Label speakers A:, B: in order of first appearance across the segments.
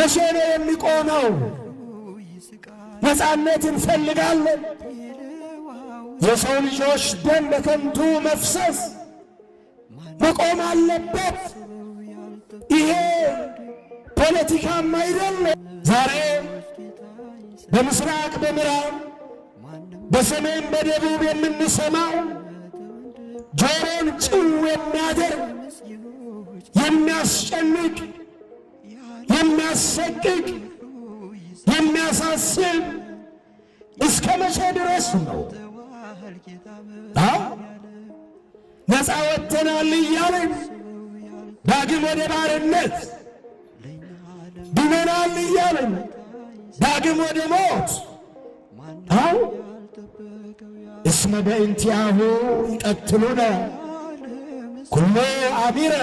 A: መቼ ነው የሚቆመው? ነፃነት እንፈልጋለን። የሰው ልጆች ደም በከንቱ መፍሰስ መቆም አለበት። ይሄ ፖለቲካም አይደለም። ዛሬ በምስራቅ በምዕራብ በሰሜን በደቡብ የምንሰማው ጆሮን ጭው የሚያደርግ የሚያስጨንቅ የሚያሰቅቅ የሚያሳስብ እስከ መቼ ድረስ ነው? ነፃ ወጥተናል እያልን ዳግም ወደ ባርነት ድነናል እያልን ዳግም ወደ ሞት አው እስመ በእንቲአሁ ይቀትሉነ ኩሎ አቢረ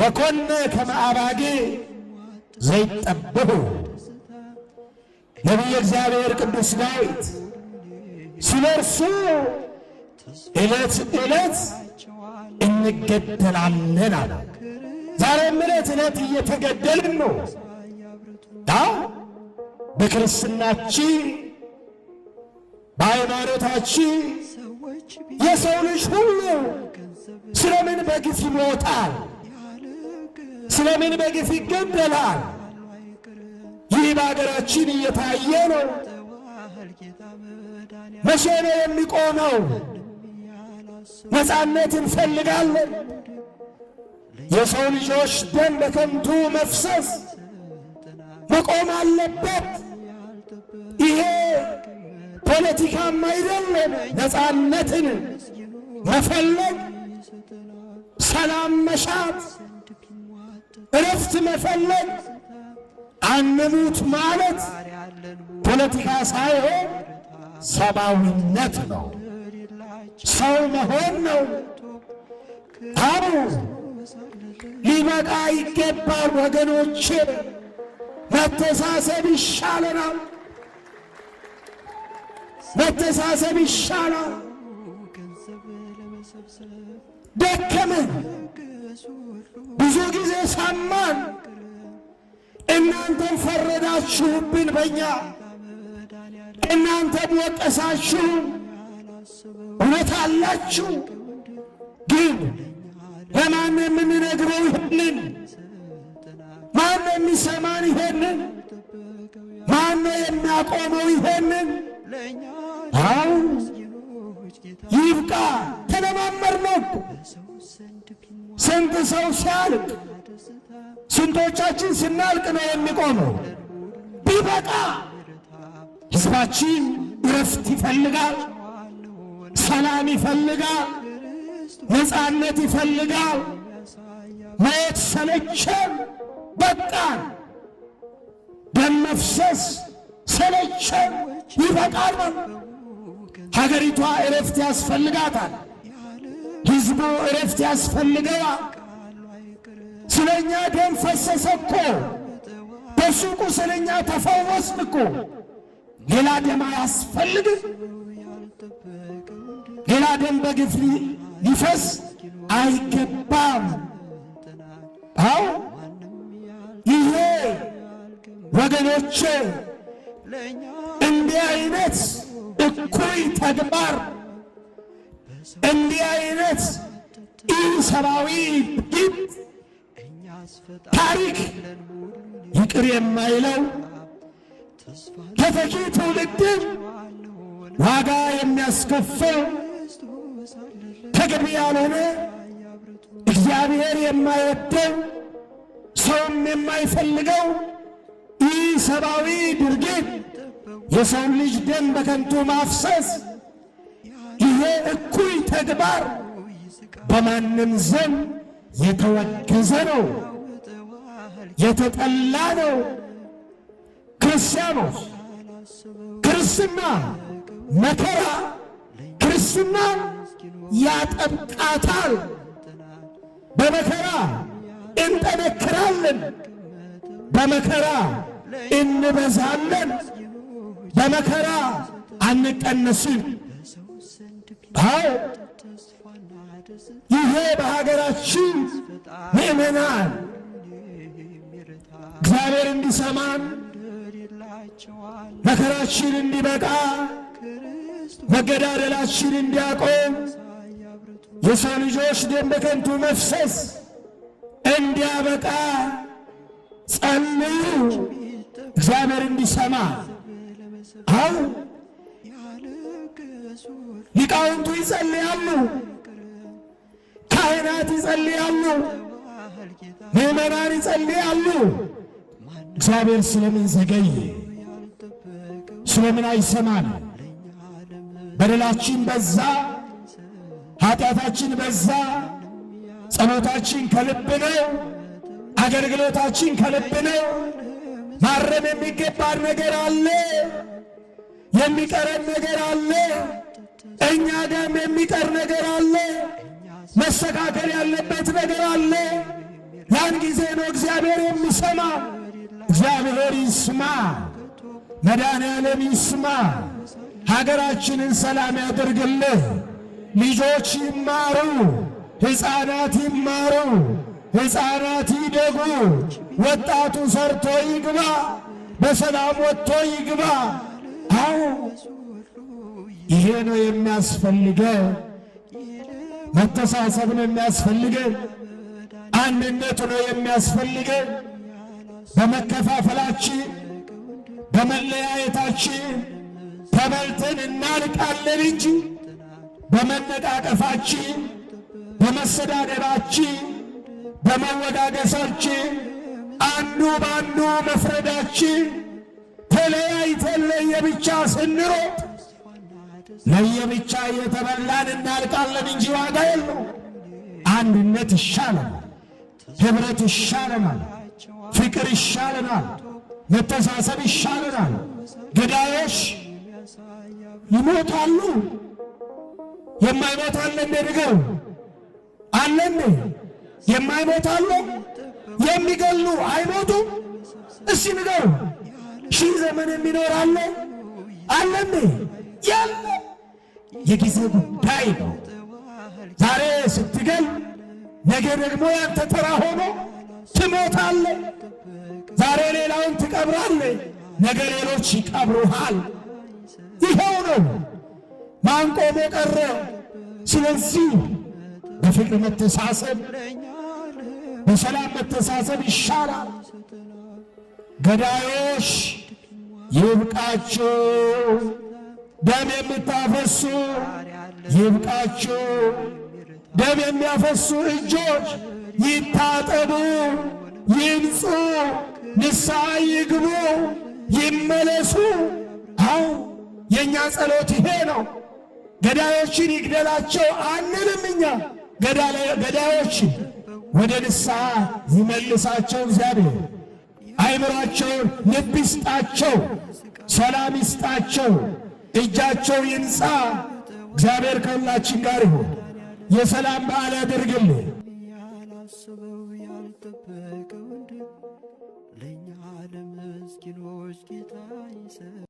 A: ወኮነ ከመአባጌ ዘይጠበሁ ነቢየ እግዚአብሔር ቅዱስ ዳዊት ስለ እርሱ ዕለት ዕለት እንገደላለን አለ። ዛሬም ዕለት ዕለት እየተገደልን ነው። ዳ በክርስትናችን በሃይማኖታችን የሰው ልጅ ሁሉ ስለምን በግፍ ይሞታል? ስለምን በግፍ ይገደላል? ይህ በሀገራችን እየታየ ነው። መቼ ነው የሚቆመው? ነፃነት እንፈልጋለን። የሰው ልጆች ደም በከንቱ መፍሰስ መቆም አለበት። ይሄ ፖለቲካም አይደለም። ነፃነትን መፈለግ፣ ሰላም መሻት እረፍት መፈለግ አንሙት ማለት ፖለቲካ ሳይሆን ሰብአዊነት ነው፣ ሰው መሆን ነው። አቡ ሊበቃ ይገባል ወገኖች መተሳሰብ ይሻለናል፣ መተሳሰብ ይሻላል። ደከመን፣ ብዙ ጊዜ ሰማን፣ እናንተን ፈረዳችሁብን በእኛ እናንተን ወቀሳችሁ። እውነት አላችሁ፣ ግን ለማን የምንነግረው ይህንን? ማን የሚሰማን ይሄንን? ማን የሚያቆመው ይሄንን? አሁን ይብቃ። ተለማመርነው። ስንት ሰው ሲያልቅ ስንቶቻችን ስናልቅ ነው የሚቆመው? ቢበቃ ሕዝባችን እረፍት ይፈልጋል፣ ሰላም ይፈልጋል፣ ነፃነት ይፈልጋል። ማየት ሰለቸን፣ በቃን። ደም መፍሰስ ሰለቸን፣ ይበቃል። ሀገሪቷ እረፍት ያስፈልጋታል። ህዝቡ እረፍት ያስፈልገዋል። ስለ እኛ ደም ፈሰሰ እኮ በሱ ቁስል እኛ ተፈወስን እኮ። ሌላ ደም ያስፈልግ ሌላ ደም በግፍ ሊፈስ አይገባም። አው ይሄ ወገኖቼ እንዲህ አይነት እኩይ ተግባር እንዲህ አይነት ኢሰብአዊ ድርጊት ታሪክ ይቅር የማይለው ለተኪ ትውልድን ዋጋ የሚያስከፍል ተገቢ ያልሆነ እግዚአብሔር የማይወደው ሰውም የማይፈልገው ኢሰብአዊ ድርጊት የሰው ልጅ ደም በከንቱ ማፍሰስ ተግባር በማንም ዘንድ የተወገዘ ነው፣ የተጠላ ነው። ክርስቲያኖች ክርስትና መከራ ክርስትና ያጠብቃታል። በመከራ እንጠነክራለን፣ በመከራ እንበዛለን፣ በመከራ አንቀነስም። ይሄ በሀገራችን ምእመናን እግዚአብሔር እንዲሰማን መከራችን እንዲበቃ መገዳደላችን እንዲያቆም የሰው ልጆች ደም በከንቱ መፍሰስ እንዲያበቃ ጸልዩ። እግዚአብሔር እንዲሰማ አው ሊቃውንቱ ይጸልያሉ። ካህናት ይጸልያሉ፣ ምዕመናን ይጸልያሉ። እግዚአብሔር ስለምን ዘገይ ስለምን አይሰማን? በደላችን በዛ፣ ኃጢአታችን በዛ፣ ጸሎታችን ከልብ ነው፣ አገልግሎታችን ከልብ ነው። ማረም የሚገባን ነገር አለ፣ የሚቀረን ነገር አለ፣ እኛ ጋም የሚቀር ነገር አለ። መስተካከል ያለበት ነገር አለ። ያን ጊዜ ነው እግዚአብሔር የሚሰማ። እግዚአብሔር ይስማ፣ መድኃኔ ዓለም ይስማ፣ ሀገራችንን ሰላም ያደርግልህ። ልጆች ይማሩ፣ ሕፃናት ይማሩ፣ ሕፃናት ይደጉ፣ ወጣቱ ሰርቶ ይግባ፣ በሰላም ወጥቶ ይግባ። አዎ ይሄ ነው የሚያስፈልገ መተሳሰብ ነው የሚያስፈልገን፣ አንድነት ነው የሚያስፈልገን። በመከፋፈላችን በመለያየታችን ተበልተን እናልቃለን እንጂ በመነቃቀፋችን፣ በመሰዳደባችን፣ በመወዳደሳችን፣ አንዱ በአንዱ መፍረዳችን ተለያይተን ለየብቻ ስንሮጥ ለየብቻ እየተበላን እናልቃለን እንጂ ዋጋ የለው። አንድነት ይሻለናል፣ ህብረት ይሻለናል፣ ፍቅር ይሻለናል፣ መተሳሰብ ይሻለናል። ገዳዮች ይሞታሉ። የማይሞት አለ እንዴ? ንገሩ አለ እንዴ? የማይሞት አለ? የሚገሉ አይሞቱ? እስቲ ንገሩ። ሺህ ዘመን የሚኖር አለ አለ እንዴ? የለም። የጊዜ ጉዳይ ነው። ዛሬ ስትገኝ ነገ ደግሞ ያንተ ተራ ሆኖ ትሞታለ። ዛሬ ሌላውን ትቀብራለ፣ ነገ ሌሎች ይቀብሩሃል። ይኸው ነው። ማን ቆሞ ቀረ? ስለዚህ በፍቅር መተሳሰብ፣ በሰላም መተሳሰብ ይሻላል። ገዳዮች ይብቃችሁ። ደም የምታፈሱ ይብቃችሁ። ደም የሚያፈሱ እጆች ይታጠቡ፣ ይምፁ፣ ንስሐ ይግቡ፣ ይመለሱ። አው የእኛ ጸሎት ይሄ ነው። ገዳዮችን ይግደላቸው አንልም እኛ። ገዳዮችን ወደ ንስሐ ይመልሳቸው እግዚአብሔር። አይምሯቸውን ልብ ይስጣቸው፣ ሰላም ይስጣቸው። እጃቸው ይንጻ። እግዚአብሔር ከሁላችን ጋር ይሁን። የሰላም በዓል ያደርግልን። ያላሰበው ያልጠበቀው ለእኛ ለምስኪኖች ጌታ